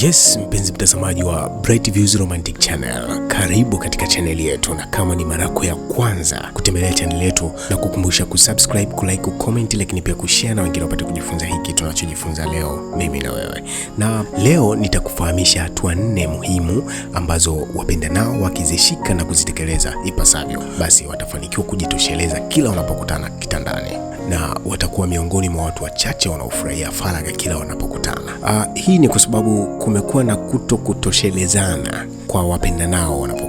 Yes, mpenzi mtazamaji wa Bright Views Romantic Channel, karibu katika chaneli yetu, na kama ni mara yako ya kwanza kutembelea chaneli yetu, na kukumbusha kusubscribe, kulike, kucomment, lakini pia kushare na wengine wapate kujifunza hiki tunachojifunza leo, mimi na wewe. Na leo nitakufahamisha hatua nne muhimu ambazo wapenda nao wakizishika na kuzitekeleza ipasavyo, basi watafanikiwa kujitosheleza kila wanapokutana kitandani na watakuwa miongoni mwa watu wachache wanaofurahia faragha kila wanapokutana. Uh, hii ni kwa sababu kumekuwa na kuto kutoshelezana kwa wapendanao wanapo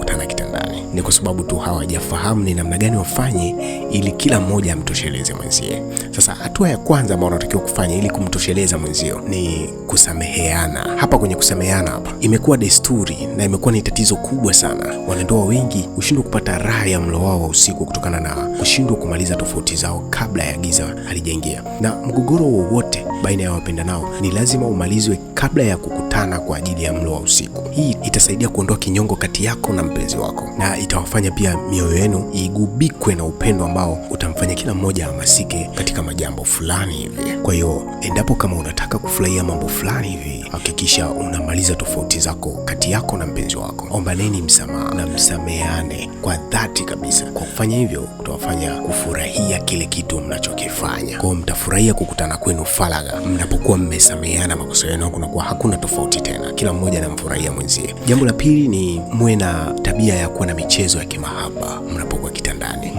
ni kwa sababu tu hawajafahamu ni namna gani wafanye ili kila mmoja amtosheleze mwenzie. Sasa hatua ya kwanza ambayo unatakiwa kufanya ili kumtosheleza mwenzio ni kusameheana. Hapa kwenye kusameheana hapa imekuwa desturi na imekuwa ni tatizo kubwa sana. Wanandoa wengi hushindwa kupata raha ya mlo wao wa usiku kutokana na kushindwa kumaliza tofauti zao kabla ya giza halijaingia, na mgogoro wowote baina ya wapendanao ni lazima umalizwe kabla ya kukuta kukutana kwa ajili ya mlo wa usiku. Hii itasaidia kuondoa kinyongo kati yako na mpenzi wako, na itawafanya pia mioyo yenu igubikwe na upendo ambao utamfanya kila mmoja amasike katika majambo fulani hivi. Kwa hiyo endapo kama unataka kufurahia mambo fulani hivi, hakikisha unamaliza tofauti zako kati yako na mpenzi wako. Ombaneni msamaha na msameane kwa dhati kabisa. Kwa kufanya hivyo, utawafanya kufurahia kile kitu mnachokifanya. Kwa hiyo mtafurahia kukutana kwenu faragha, mnapokuwa mmesameheana makosa yenu, kunakuwa hakuna tofauti tofauti tena, kila mmoja anamfurahia mwenzie. Jambo la pili ni muwe na tabia ya kuwa na michezo ya kimahaba mnapokuwa kitandani,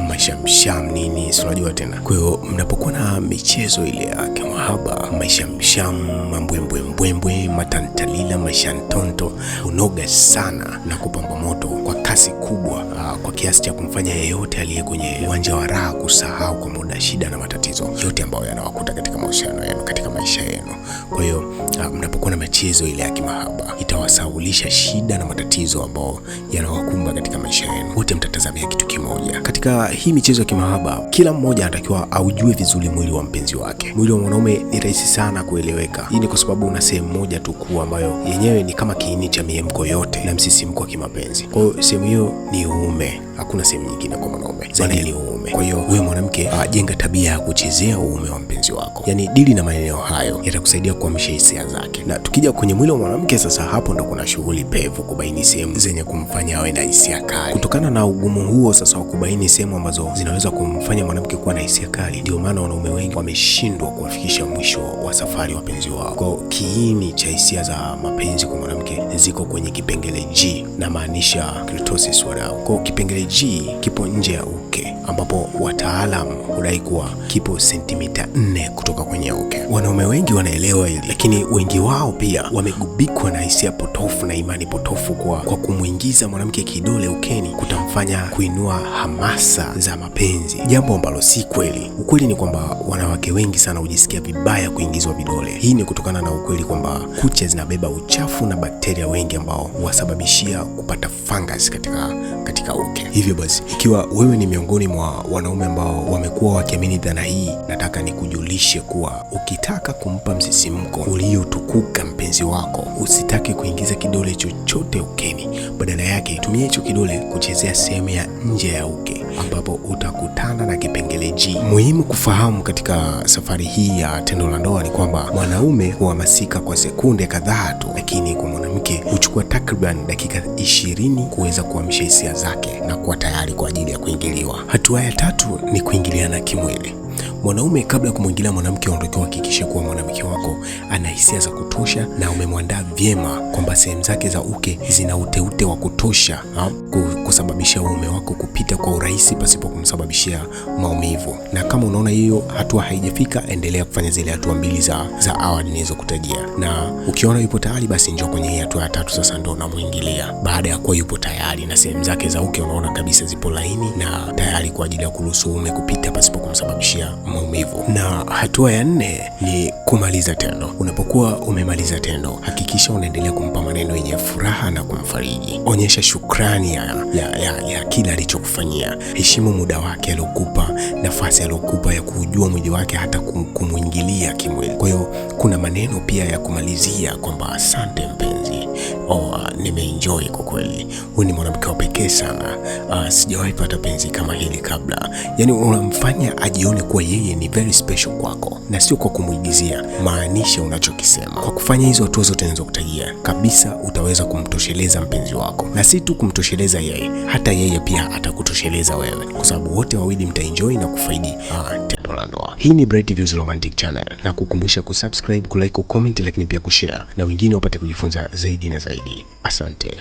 msham nini, si unajua tena. Kwa hiyo mnapokuwa na michezo ile ya kimahaba, maishamsham, mambwembwembwembwe, matantalila, ntonto unoga sana na kupamba moto kwa kasi kubwa, uh, kwa kiasi cha kumfanya yeyote aliye kwenye uwanja wa raha kusahau kwa muda shida na matatizo yote ambayo yanawakuta katika mahusiano yenu, katika maisha yenu. Kwa hiyo uh, mnapokuwa na michezo ile ya kimahaba itawasaulisha shida na matatizo ambayo yanawakumba katika maisha yenu. Wote mtatazamia kitu kimoja katika hii michezo ya kimahaba. Kila mmoja anatakiwa aujue vizuri mwili wa mpenzi wake. Mwili wa mwanaume ni rahisi sana kueleweka. Hii ni kwa sababu una sehemu moja tu kuu ambayo yenyewe ni kama kiini cha miemko yote na msisimko wa kimapenzi. Kwa hiyo sehemu hiyo ni uume, hakuna sehemu nyingine kwa mwanaume zaidi ni uume uume. Kwa hiyo wewe mwanamke, ah, jenga tabia ya kuchezea uume wa mpenzi wako, yaani dili na maeneo hayo, yatakusaidia kuamsha hisia zake. Na tukija kwenye mwili wa mwanamke sasa, hapo ndo kuna shughuli pevu kubaini sehemu zenye kumfanya awe na hisia kali. Kutokana na ugumu huo sasa wa kubaini sehemu ambazo zinaweza kumfanya mwanamke kuwa na hisia kali, ndio maana wanaume wengi wameshindwa kuwafikisha mwisho wa safari wapenzi wao. Kwa kiini cha hisia za mapenzi kwa mwanamke ziko kwenye kipengele G, na maanisha kuratosis wadau. Kwa kipengele G kipo nje ya uke, ambapo wataalam hudai kuwa kipo sentimita nne kutoka kwenye uke. Wanaume wengi wanaelewa hili, lakini wengi wao pia wamegubikwa na hisia potofu na imani potofu kwa, kwa kumwingiza mwanamke kidole ukeni kutamfanya kuinua hamasa za mapenzi, jambo ambalo si kweli. Ukweli ni kwamba wanawake wengi sana hujisikia vibaya kuingizwa vidole. Hii ni kutokana na ukweli kwamba kucha zinabeba uchafu na bakteria wengi ambao huwasababishia kupata fungus katika katika uke. Hivyo basi, ikiwa wewe ni miongoni mwa wanaume ambao wamekuwa wakiamini dhana hii, nataka nikujulishe kuwa ukitaka kumpa msisimko uliotukuka mpenzi wako, usitake kuingiza kidole chochote ukeni. Badala yake, tumia hicho kidole kuchezea sehemu ya nje ya uke ambapo utakutana na kipengele G. Muhimu kufahamu katika safari hii ya tendo la ndoa ni kwamba mwanaume huhamasika kwa sekunde kadhaa tu, lakini kwa mwanamke ilichukua takriban dakika ishirini kuweza kuamsha hisia zake na kuwa tayari kwa ajili ya kuingiliwa. Hatua ya tatu ni kuingiliana kimwili. Mwanaume kabla ya kumwingilia mwanamke, unatakiwa hakikishe kuwa mwanamke wako ana hisia za kutosha na umemwandaa vyema, kwamba sehemu zake za uke zina uteute wa kutosha ha? kusababisha uume wako kupita kwa urahisi pasipo kumsababishia maumivu. Na kama unaona hiyo hatua haijafika, endelea kufanya zile hatua mbili za, za awali nilizokutajia, na ukiona yupo tayari, basi njoo kwenye hii hatua ya tatu. Sasa ndo unamuingilia baada ya kuwa yupo tayari na sehemu zake za uke unaona kabisa zipo laini na tayari kwa ajili ya kuruhusu uume kupita pasipo kumsababishia maumivu. Na hatua ya nne ni kumaliza tendo. Unapokuwa umemaliza tendo, hakikisha unaendelea kumpa maneno yenye furaha na kumfariji. Onyesha shukrani ya ya, ya, ya kila alichokufanyia. Heshimu muda wake aliokupa, nafasi aliokupa ya kujua mwili wake, hata kumwingilia kimwili. Kwa hiyo kuna maneno pia ya kumalizia kwamba asante mpenzi, oh, nimeenjoy kwa kweli. Huyu ni mwanamke wa pekee sana, uh, sijawahi pata penzi kama hili kabla. Yani unamfanya ajione kuwa yeye ni very special kwako, na sio kwa kumwigizia. Maanisha unachokisema kwa kufanya hizo hatua zote nilizokutajia, kabisa utaweza kumtosheleza mpenzi wako, na si tu kumtosheleza yeye, hata yeye pia atakutosheleza wewe, kwa sababu wote wawili mtaenjoy na kufaidi uh, la ndoa. Hii ni Bright Views Romantic Channel, na kukumbusha kusubscribe, kulike, kucomment, lakini pia kushare na wengine wapate kujifunza zaidi na zaidi. Asante.